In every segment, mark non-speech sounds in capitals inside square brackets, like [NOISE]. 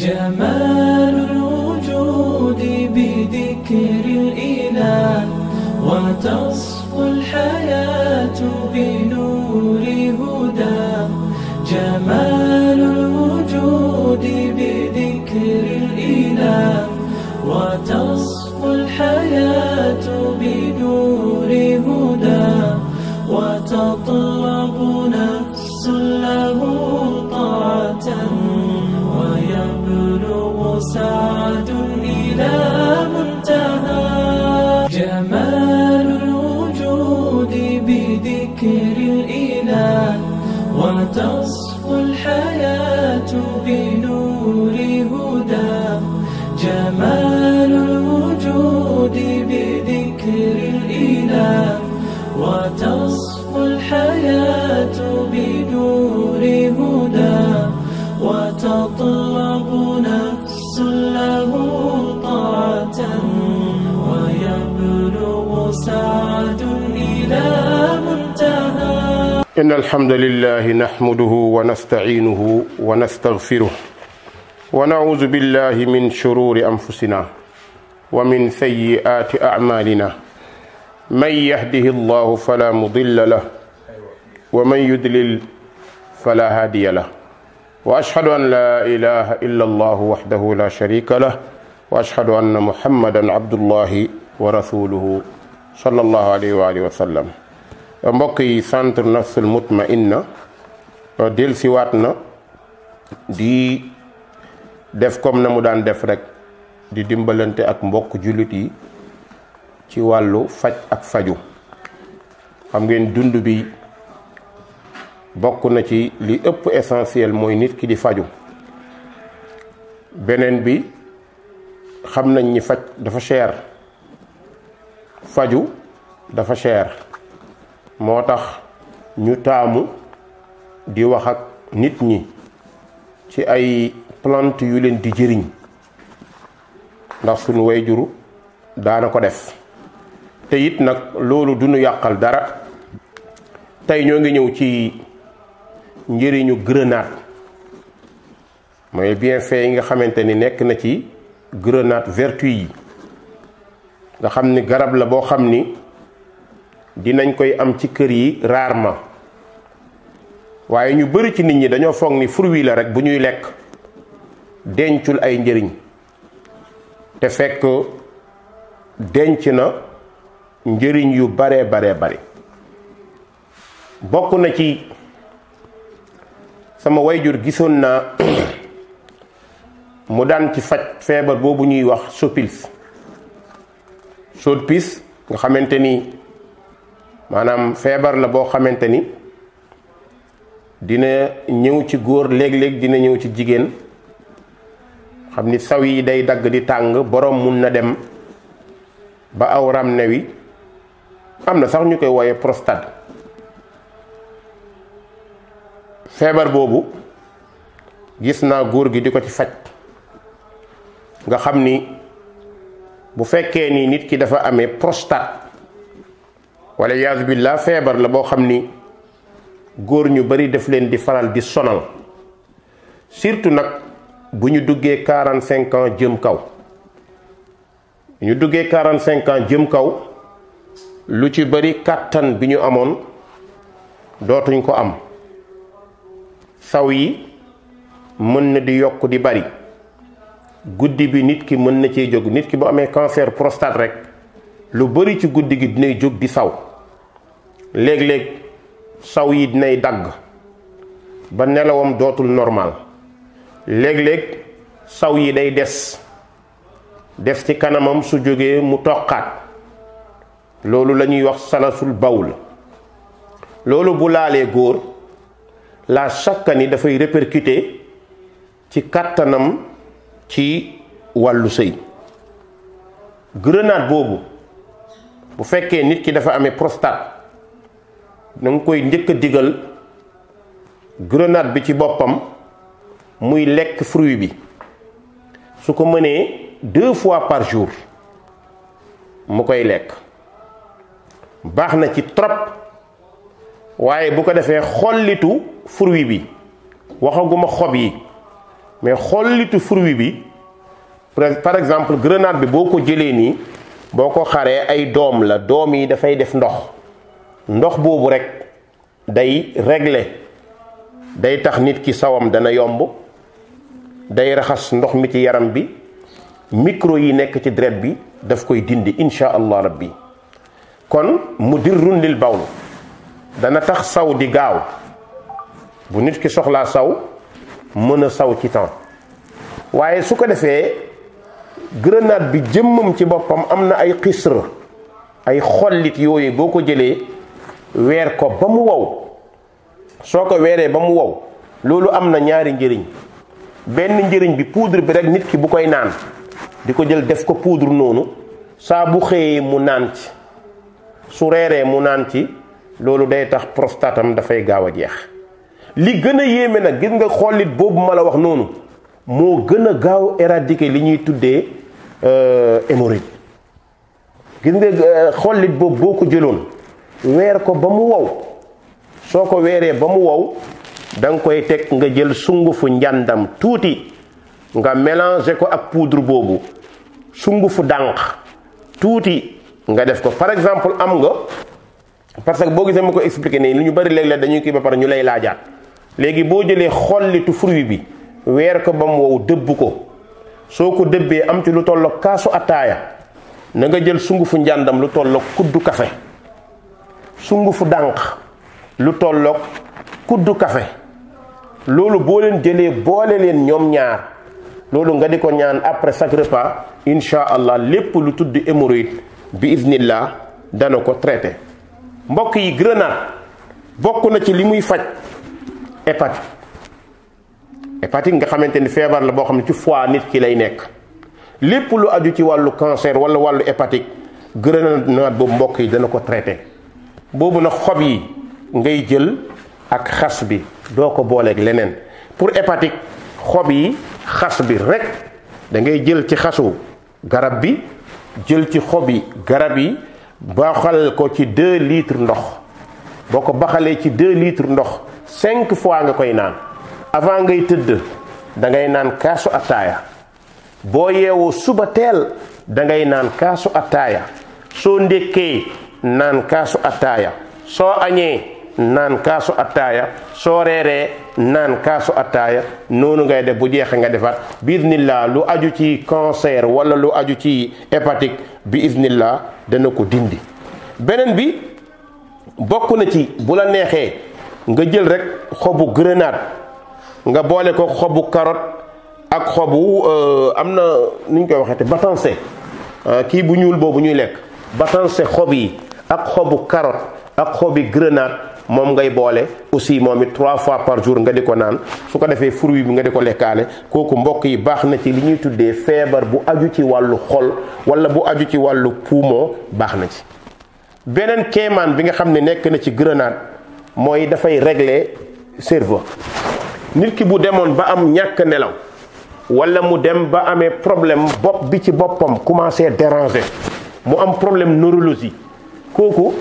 جمال الوجود بذكر الإله وتصفو الحياة بنور هدى جمال الوجود بذكر الإله وتصفو الحياة بنور هدى وتطلب نفس له طاعة أرصاد إلى إن الحمد لله نحمده ونستعينه ونستغفره ونعوذ بالله من شرور أنفسنا ومن سيئات أعمالنا من يهده الله فلا مضل له ومن يدلل فلا هادي له وأشهد أن لا إله إلا الله وحده لا شريك له وأشهد أن محمدا عبد الله ورسوله صلى الله عليه وآله وسلم mbokk yi centre nafsul mutmainna na euh, siwaat na di def comme na mu daan def rek di dimbalante ak mbokk jullit yi ci wàllu faj ak faju xam ngeen dund bi bokk na ci li ëpp essentiel mooy nit ki di faju beneen bi xam nañ ni faj dafa cher faju dafa cher moo tax ñu taamu di wax ak nit ñi ci ay plante yu leen di jëriñ ndax sunu way juru daana ko def te it nag loolu du ñu yàqal dara tey ñoo ngi ñëw ci njëriñu grenade mooy bienfait yi nga xamante ni nekk na ci grenade vertu yi nga xam ni garab la boo xam ni dinañ koy am ci kër yi rarement waaye ñu bëri ci nit ñi dañoo foog ni fruit wi la rek bu ñuy lekk dencul ay njëriñ te fekk denc na njëriñ yu baree baree bari bokk na ci sama wayjur gisoon naa [COUGHS] mu daan ci faj feebar boobu ñuy wax sopils sopis nga xamante ni maanaam feebar la boo xamante ni dina ñëw ci góor léeg-léeg dina ñëw ci jigéen xam ni saw yi day dagg di tàng boroom mun na dem ba aw ne wi am na sax ñu koy wooye prostate feebar boobu gis naa góor gi di ko ci faj nga xam ni bu fekkee ni nit ki dafa amee prostate walla wala bi billah feebar la boo xam ni góor ñu bari daf leen di faral di sonal surtout nag bu ñu duggee quarante cinq ans jëm kaw ñu duggee quarante cinq ans jëm kaw lu ci bari kàttan bi ñu amoon dootuñ ko am saw yi mën na di yokk di bari guddi bi nit ki mën na cee jóg nit ki bu amee cancer prostate rek lu bari ci guddi gi dinay jóg di saw léeg-léeg saw yi dinay dagg ba nelawam dootul normal léeg-léeg saw yi day des def ci kanamam su jógee mu toqaat loolu la ñuy wax sanasul bawul loolu bu laalee góor la chaque ni dafay répercuter ci kàttanam ci wàllu sëy grenade boobu bu fekkee nit ki dafa amee prostate na koy njëkk a digal grenade bi ci boppam muy lekk fruit bi su ko mënee deux fois par jour mu koy lekk baax na ci trop waaye bu ko defee xollitu fruit bi waxaguma xob yi mais xollitu fruit bi par exemple grenade bi boo ko jëlee nii boo ko xaree ay doom la doom yi dafay def ndox ndox boobu rekk day régler day tax nit ki sawam dana yomb day raxas ndox mi ci yaram bi micro yi nekk ci deret bi daf koy dindi insha allah rabbi kon mu dirrun lil bawl dana tax saw di gaaw bu nit ki soxlaa saw mën a saw ci temps waaye su ko defee grenade bi jëmmam ci boppam am na ay xisr ay xollit yooyu boo ko jëlee weer ko ba mu wow soo ko weeree ba mu wow loolu am na ñaari njëriñ benn njëriñ bi poudre bi rek nit ki bu koy naan di ko jël def ko poudre noonu saa bu xëyee mu naan ci su reeree mu naan ci loolu day tax prostatam dafay gaaw a jeex li gën a yéeme nag gis nga xollit boobu ma la wax noonu moo gën a gaaw éradiquer li ñuy tuddee euh, hémorroïde gis nga euh, xollit boobu boo ko jëloon weer ko ba mu wow soo ko weeree ba mu wow danga koy teg nga jël sungufu njàndam tuuti nga mélanger ko ak poudre boobu sungufu dànq tuuti nga def ko par exemple am nga parce que boo gisee ma ko expliqué nii lu ñu bari léeg dañuy kii ba pare ñu lay laajaat léegi boo jëlee xollitu fruit bi weer ko ba mu wow dëbb ko soo ko dëbbee am ci lu tolloog kaasu attaaya nanga nga jël sungufu njàndam lu tolloog kuddu kafe sungufu dànq lu tollook kuddu kafe loolu boo leen jëlee boole leen ñoom ñaar loolu nga di ko ñaan après chaque repas incha allah lépp lu tudd hémorroïde bi idnillah dana ko traité mbokk yi grenade bokk na ci li muy faj hépatite hépatite nga xamante ni feebar la boo xam ne ci foie nit ki lay nekk lépp lu aju ci wàllu cancer wala wàllu hépatique grenade boobu mbokk yi dana ko traité boobu nag xob yi ngay jël ak xas bi doo ko booleeg leneen pour hépatique xob yi xas bi rek da ngay jël ci xasu garab bi jël ci xob yi garab yi baxal ko ci deux litre ndox boo ko baxalee ci deux litres ndox cinq fois nga koy naan avant ngay tëdd dangay naan kaasu attaaya boo yeewoo suba teel dangay naan kaasu attaaya soo ndékkee naan kaasu attaaya soo añee naan kaasu attaaya soo reeree naan kaasu attaaya noonu ngay def bu jeexee nga defar bi iznillah lu aju ci cancer wala lu aju ci hépatique bi iznillah dana ko dindi beneen bi bokk na ci bu la neexee nga jël rek xobu grenade nga boole ko xobu carotte ak xobu euh, am na nuñ ñu koy waxeete batanse euh, kii bu ñuul boobu ñuy lekk batanse xob yi ak xobu carotte ak xobi grenade moom ngay boole aussi moom it trois fois par jour nga di ko naan su ko defee fruit bi nga di ko lekkaale kooku mbokk yi baax na ci li ñuy tuddee feebar bu aju ci wàllu xol wala bu aju ci wàllu poumon baax na ci beneen kéemaan bi nga xam ne nekk na ci grenade mooy dafay régler cerveau nit ki bu demoon ba am ñàkk nelaw walla mu dem ba amee problème bopp bi ci boppam commencé déranger mu am problème neurologie kooku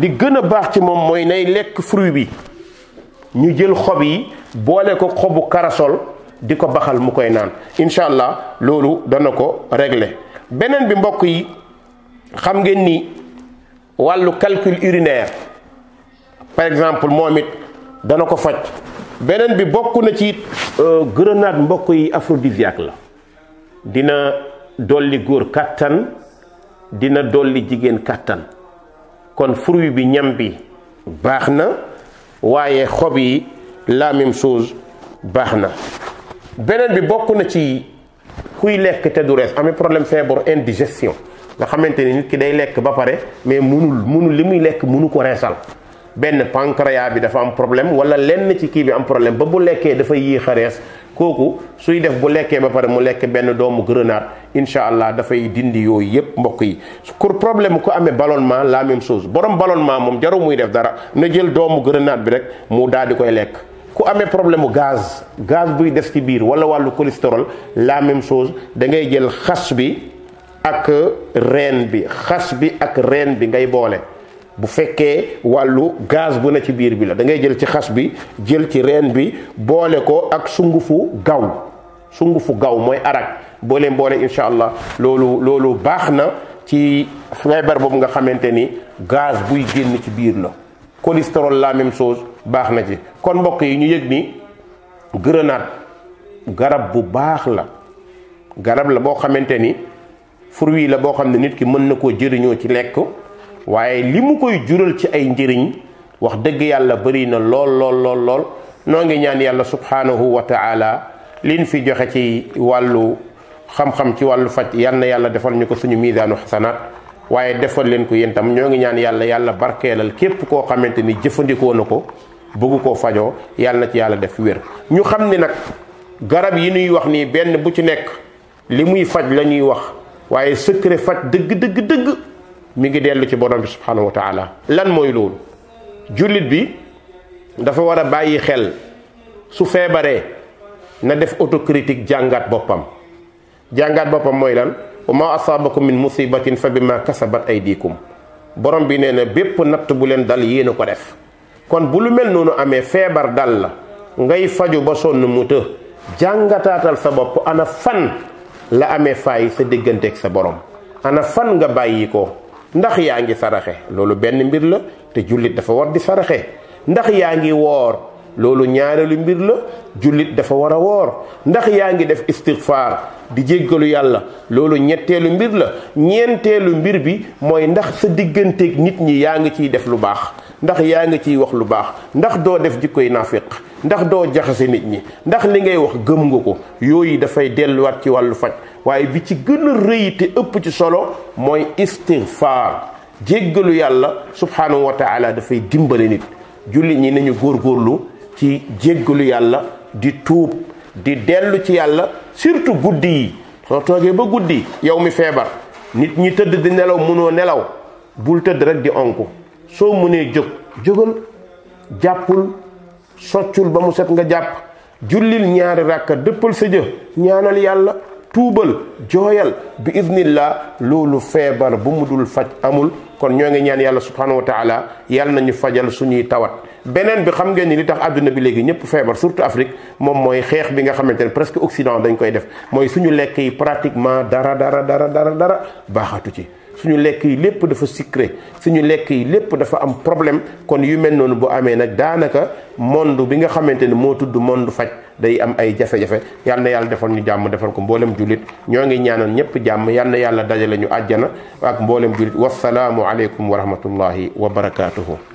li gën a baax ci moom mooy nay lekk fruit bi ñu jël xob yi boole ko xobu karasol di ko baxal mu koy naan incha allah loolu dana ko régler beneen bi mbokk yi xam ngeen ni wàllu calcul urinaire par exemple moom it dana ko faj beneen bi bokk na ci euh, grenade mbokk yi aphrodisiaque la dina dolli góor kàttan dina dolli jigéen kàttan kon fruit bi ñam bi baax na waaye xob yi la même chose baax na beneen bi bokk na ci kuy lekk te du rees amee problème feebar indigestion nga xamante ni nit ki day lekk ba pare mais munul munul li muy lekk munu ko reesal benn pancréas bi dafa am problème wala lenn ci kii bi am problème ba bu lekkee dafa yéex a rees kooku suy def bu lekkee ba pare mu lekk benn doomu grenade incha allah dafay dindi yooyu yépp mbokk yi pour problème ku amee ballonnement la même chose borom ballonnement moom jaru muy def dara na jël doomu grenade bi rek mu daal di koy lekk ku amee problème mu gaz gaz buy def ci biir wala wàllu cholestérol la même chose da ngay jël xas bi ak reen bi xas bi ak reen bi ngay boole bu fekkee wàllu gaz bu ne ci biir bi la da ngay jël ci xas bi jël ci reen bi boole ko ak sungufu gaw sungufu gaw mooy arak boo leen boole incha allah loolu loolu baax na ci feebar boobu nga xamante ni gaz buy génn ci biir la cholestérol la même chose baax na ci kon mbokk yi ñu yëg ni grenade garab bu baax la garab la boo xamante ni fruit la boo xam ne nit ki mën na koo jëriñoo ci lekk waaye li mu koy jural ci ay njëriñ wax dëgg yàlla bëri na lool lool lool lool noo ngi ñaan yàlla subhanahu wa taala liñ fi joxe ci wàllu xam-xam ci wàllu faj yal na yàlla defal ñu ko suñu miisaanu xasanaat waaye defal leen ko yéen tam ñoo ngi ñaan yàlla yàlla barkeelal képp koo xamante ni jëfandikoo na ko bëgg koo fajoo yàlla na ci yàlla def wér ñu xam ni nag garab yi ñuy wax nii benn bu ci nekk li muy faj la ñuy wax waaye secret faj dëgg dëgg dëgg mi ngi dellu ci borom bi subhanahu wa lan mooy loolu jullit bi dafa war a bàyyi xel su feebaree na def autocritique jàngaat boppam jàngaat boppam mooy lan wa ma asaabakum min musibatin fa bima kasabat aydikum borom bi nee na bépp natt bu leen dal yéen a ko def kon bu lu mel noonu amee feebar dal la ngay faju ba sonn mu të jàngataatal sa bopp ana fan la amee faay sa diggante ak sa borom ana fan nga bàyyi ko ndax yaa ngi saraxe loolu benn mbir la te jullit dafa war di saraxe ndax yaa ngi woor loolu ñaareelu mbir la jullit dafa war a woor ndax yaa ngi def istigfaar di jéggalu yàlla loolu ñetteelu mbir la ñeenteelu mbir bi mooy ndax sa digganteeg nit ñi yaa ngi ciy def lu baax ndax yaa ngi ciy wax lu baax ndax doo def jikkoy naafiq ndax doo jaxase nit ñi ndax li ngay wax gëm nga ko yooyu dafay delluwaat ci wàllu faj waaye bi ci gën a rëy te ëpp ci solo mooy istighfar jéggalu yàlla subhanahu wa taala dafay dimbali nit julli ñi nañu góorgóorlu ci jéggalu yàlla di tuub di dellu ci yàlla surtout guddi yi soo toogee ba guddi yow mi feebar nit ñi tëdd di nelaw mënoo nelaw bul tëdd rek di onku soo mënee jóg jógal jàppul soccul ba mu set nga jàpp jullil ñaari ràkka dëppal sa jë ñaanal yàlla tuubal jooyal bi idnillah loolu feebar bu mu dul faj amul kon ñoo ngi ñaan yàlla subhanahu wa taala yàlla nañu fajal suñuy tawat beneen bi xam ngeen ni li tax àdduna bi léegi ñëpp feebar surtout Afrique moom mooy xeex bi nga xamante ne presque Occident dañ koy def mooy suñu lekk yi pratiquement dara dara dara dara dara baaxatu ci suñu lekk yi lépp dafa sucré suñu lekk yi lépp dafa am problème kon yu mel noonu bu amee nag daanaka monde bi nga xamante ne moo tudd monde faj day am ay jafe-jafe yal na yàlla defal ñu jàmm defal ko mbooleem jullit ñoo ngi ñaanal ñëpp jàmm yal yàlla dajale ñu àjjana ak mboolem jullit wasalaamu aleykum wa rahmatullahi wa barakaatuhu